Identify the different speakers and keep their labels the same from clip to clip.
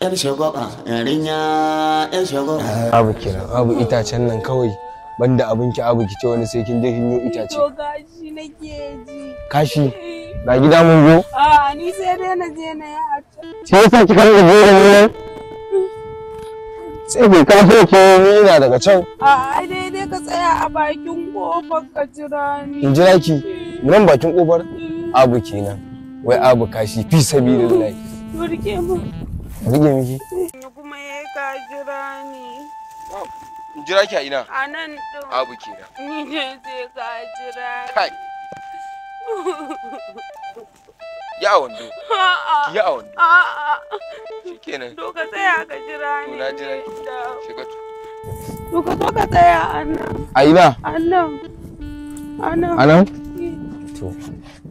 Speaker 1: yar shagwaba yarinya yar shagwaba abu kenan abu itacen nan kawai banda abinki abu ki ce wani sai kin je kin yi itace to gashi nake ji kashi ba eh. gida mun zo a ni sai dai na je na ya sai yasa ki kan da gore mun nan sai bai kan so ki yana daga can a ai dai dai ka tsaya a bakin kofar ka jira ni in jira ki eh. nan bakin kofar eh. abu kenan wai abu kashi fi sabilillahi to rike mu Rige Ni Kuma ya yi ka jira ni. In jira ki a ina? A nan ɗin. Abu ke kenan. Ni ne sai ka jira ni. Kai. Ya a wando. A'a. Ya a wando. Shi ke nan. To ka tsaya ka jira ni. na jira ki. Shi ka tu. To ka zo ka tsaya a nan. A ina? A nan. A nan. A nan? To.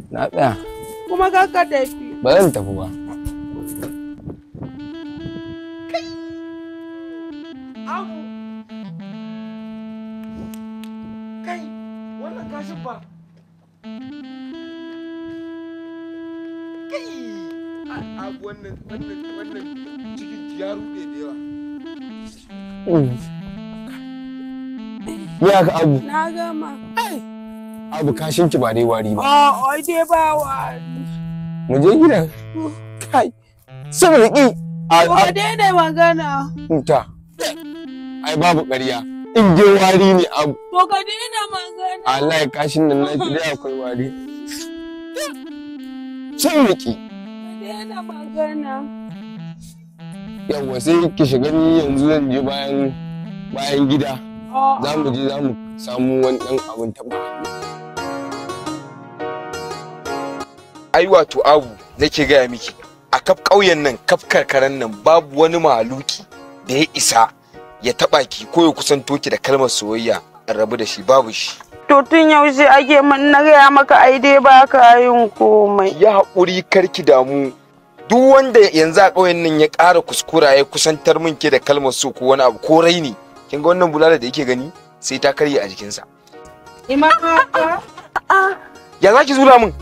Speaker 1: Na tsaya. Kuma ka ka tafi. Ba zan tafi ba. na wannan wannan cikin ya rude da yawa Ya ka abu? Na gama. Abu kashin ki ba dai wari ba. Ah, ai dai ba wari. Mu je gidan. Kai. Saboda ki. Ba ne magana. Ta. Ai babu ƙarya. in je wari ne abu. To ka daina magana. Allah ya kashin nan na ki dai akwai wari. Cin ki. yana magana. Yawwa sai ki shiga ni yanzu zan je bayan
Speaker 2: bayan gida.
Speaker 1: Za mu je za mu samu wani ɗan abin taɓa. Ai wato abu nake gaya miki a kaf ƙauyen nan kaf karkaran nan babu wani mahaluki da ya isa ya taɓa ki ko ya kusanto ki da kalmar soyayya rabu da shi babu shi. to tun yaushe ake na gaya maka ai dai ba ka yin komai. Ya haƙuri karki damu duk wanda yanzu a ƙauyen nan ya ƙara kuskura ya kusantar min ke da kalmar so ko wani abu ko raini kin ga wannan bulala da yake gani sai ta karye a jikin ima ya zaki zula min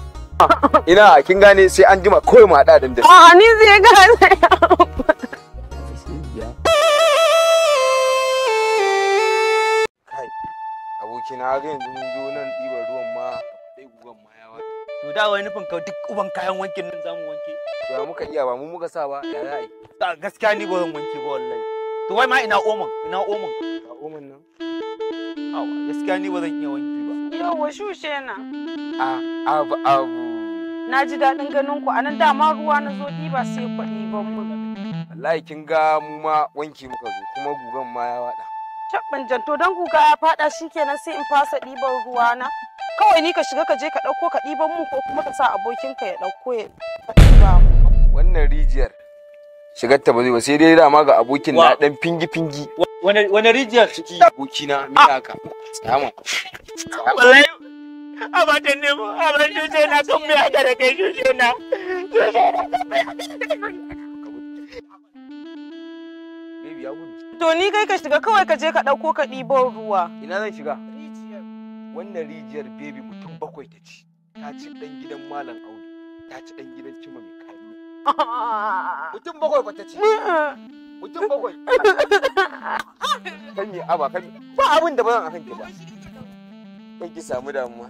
Speaker 1: ina kin gane sai an jima kawai mu haɗa da a ni zai gane abokina ga yanzu mun zo nan ɗiban ruwan ma ɗai gugan ma to da wani nufin ka duk uban kayan wankin nan zamu wanke to muka iya ba mu muka sa ba ya za a yi gaskiya ni ba zan wanke ba wallahi to wai ma ina oman ina oman a oman nan awa gaskiya ni ba zan iya wanki ba yawa shushe na a abu abu na ji daɗin ganin ku anan dama ruwa na zo ɗiba sai kwaɗi ban mu wallahi kin ga mu ma wanki muka zo kuma gugan ma ya waɗa Tabban jan to don guga ya fada shikenan sai in fasa ɗiban ruwa na. Kawai ni ka shiga ka je ka ɗauko ka ɗiban mu ko kuma ka sa abokinka ya ɗauko ya ɗiba mu. Wannan rijiyar shigar ta ba zai ba sai dai dama ga abokin na dan fingi fingi. Wani rijiyar ciki abokina me haka? Tsama. Wallahi abadan ne mu abadan ne na kan me haka da kai shi na. ya gudu. To ni kai ka shiga kawai ka je ka ɗauko ka ɗibo ruwa. Ina zan shiga? Rijiyar. Wannan rijiyar bebi mutum bakwai ta ci. Ta ci ɗan gidan Malam Audu. Ta ci ɗan gidan Cima mai karni. Mutum bakwai ba ta ci. Mutum bakwai. Kan yi aba kan Ba abin da ba zan akan ki ba. Kan ki samu damuwa.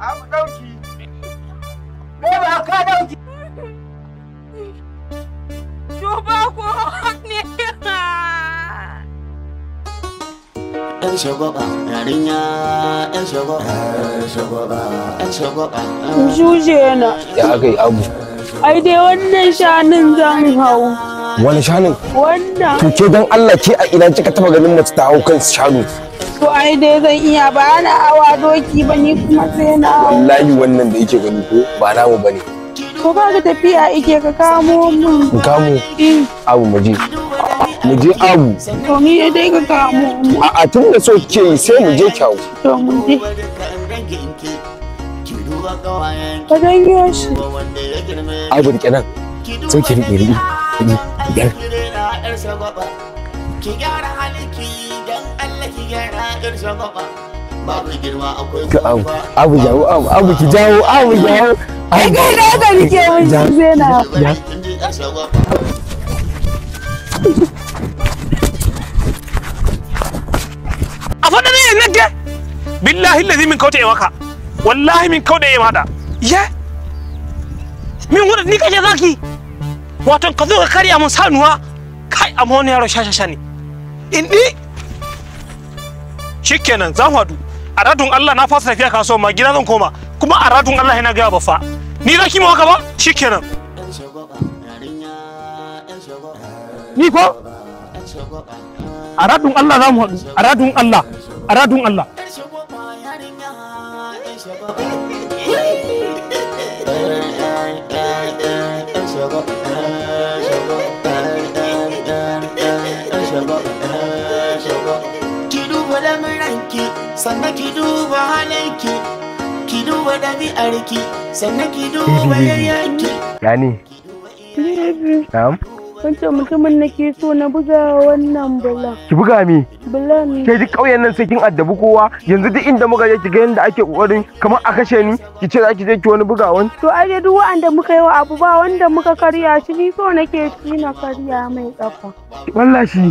Speaker 1: An ɗauki. Me ba ka ɗauki? Duba ko ne. ‘Yan shagwaba, yarinya, ‘yan shagwaba, ‘yan shagwaba, ‘yan shagwaba. Juje na. Ya aka yi abu. Ai dai wannan shanun zan hau. Wani shanun? Wannan. To ke don Allah ke a ina kika taba ganin mace ta hau kan shanu. to ai dai zan iya ba na hawa doki ba ni kuma sai na wallahi wannan da yake gani ko ba namu bane ba ga tafiya yake ka kamo mun kamo eh. abu mu mu je abu to ni dai ka kamo mu a tun da so ke yi sai mu je kyawu to mu je ka janyo shi abu rike sai ki biyar ki gyara haliki dan Allah ki gyara ƙarshen gaba abu jawo abu abu ki jawo abu jawo ai kai da ka rike mun zena a faɗa ne yanzu billahi lazi min kauta maka wallahi min kauta yi mada ye min wurin ni zaki wato ka zo ka karya mun sanuwa kai amma wani yaro shashashani. ne indi shikenan za a radun Allah na fasa tafiya kasuwa ma gida zan koma kuma a radun Allah yana gaya ba fa ni za ki ba shikenan ni ko a Allah za mu a radun Allah a Allah ki duba halinki ki duba ɗabi'arki sannan ki duba yayyanki yani na'am wancan mutumin na ke so na buga wannan bula. Ki buga mi? Bula ne. Kai duk ƙauyen nan sai kin addabi kowa yanzu duk inda muka je ki ga yadda ake ƙoƙarin kamar a kashe ni ki ce za ki je ki wani buga To ai dai duk wa'anda muka yi wa abu ba wanda muka karya shi ni so nake shi na karya mai ƙafa. Ki Wallahi.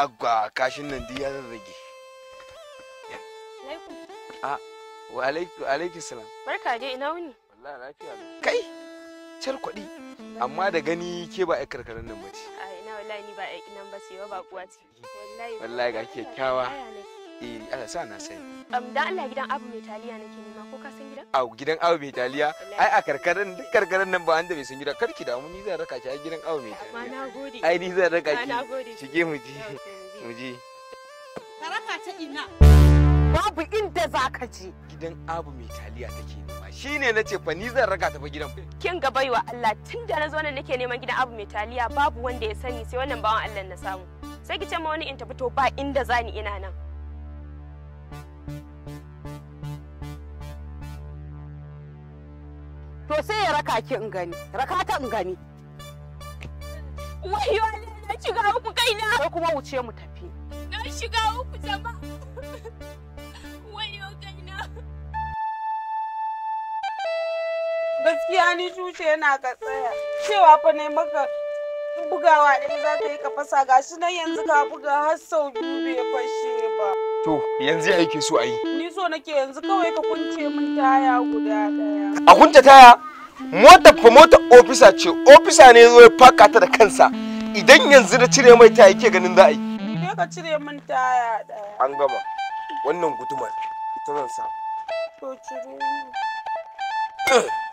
Speaker 1: agwa kashin nan duk ya zazzage a wa alaikum salam barka je ina wuni wallahi lafiya kai cal kwaɗi amma da gani ke ba ai karkarar nan ba ce ina wallahi ni ba ai nan ba ce ba kuwa ce wallahi wallahi ga kyakkyawa eh Allah sa na sani um, da Allah gidan abu mai taliya nake nema ko ka san gidan a gidan abu mai taliya ai a karkaran duk karkaran nan ba da bai san gidan karki da mu ni zan raka ki a gidan abu mai taliya amma nagode ai ni zan raka ki shige mu ji mu ji ka raka ta ina babu inda za ka je gidan abu mai taliya take nema shine na ce fa ni zan raka ta fa gidan kin ga baiwa Allah tun da na zo nan nake neman gidan abu mai taliya babu wanda ya sani sai wannan bawan Allah na samu sai ki ce ma wani in tafi to ba inda ni ina nan to sai ya raka ki in gani raka ta in gani wani na shiga uku kaina sai kuma wuce mu tafi na shiga uku zama wayo kaina gaskiya ni tushe yana ka tsaya cewa fa ne maka bugawa ɗaya za ka yi ka fasa gashi nan yanzu ka buga har sau biyu bai fashe ba To yanzu ya yake so a yi. Ni so nake yanzu kawai ka kunce min taya guda daya. A kunce taya? Mota fa mota ofisa ce, ofisa ne zo ya faka ta da kansa. Idan yanzu da cire mai taya yake ganin za a yi. Ke ka cire min taya daya. An gama. Wannan gudumar ita zan sa. To cire ni.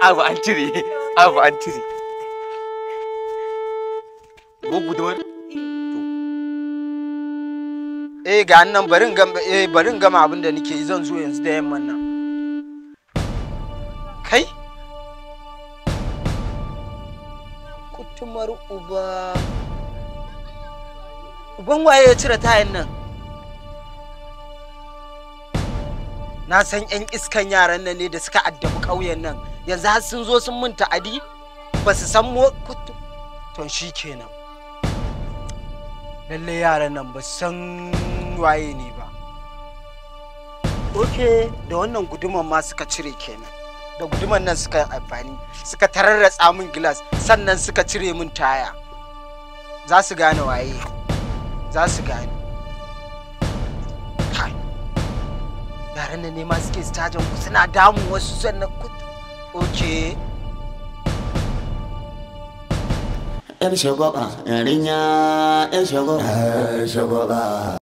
Speaker 1: abu an cire abu an cire gudumar eh ga nan barin gama eh barin gama abin da nake zan zo yanzu da yamman nan kai kutumar uba uban waye ya cire tayin nan na san 'yan iskan yaran nan ne da suka addabi ƙauyen nan yanzu har sun zo sun mun ta'adi ba su san mo to shi kenan lalle yaran nan ba san waye ne ba oke da wannan guduman ma suka cire kenan da guduman nan suka yi amfani suka tararratsa min gilas sannan suka cire min taya za su gane waye za su gane yaran nan ne ma suke stajin suna damun wasu sannan kutu wuce yar shagwaba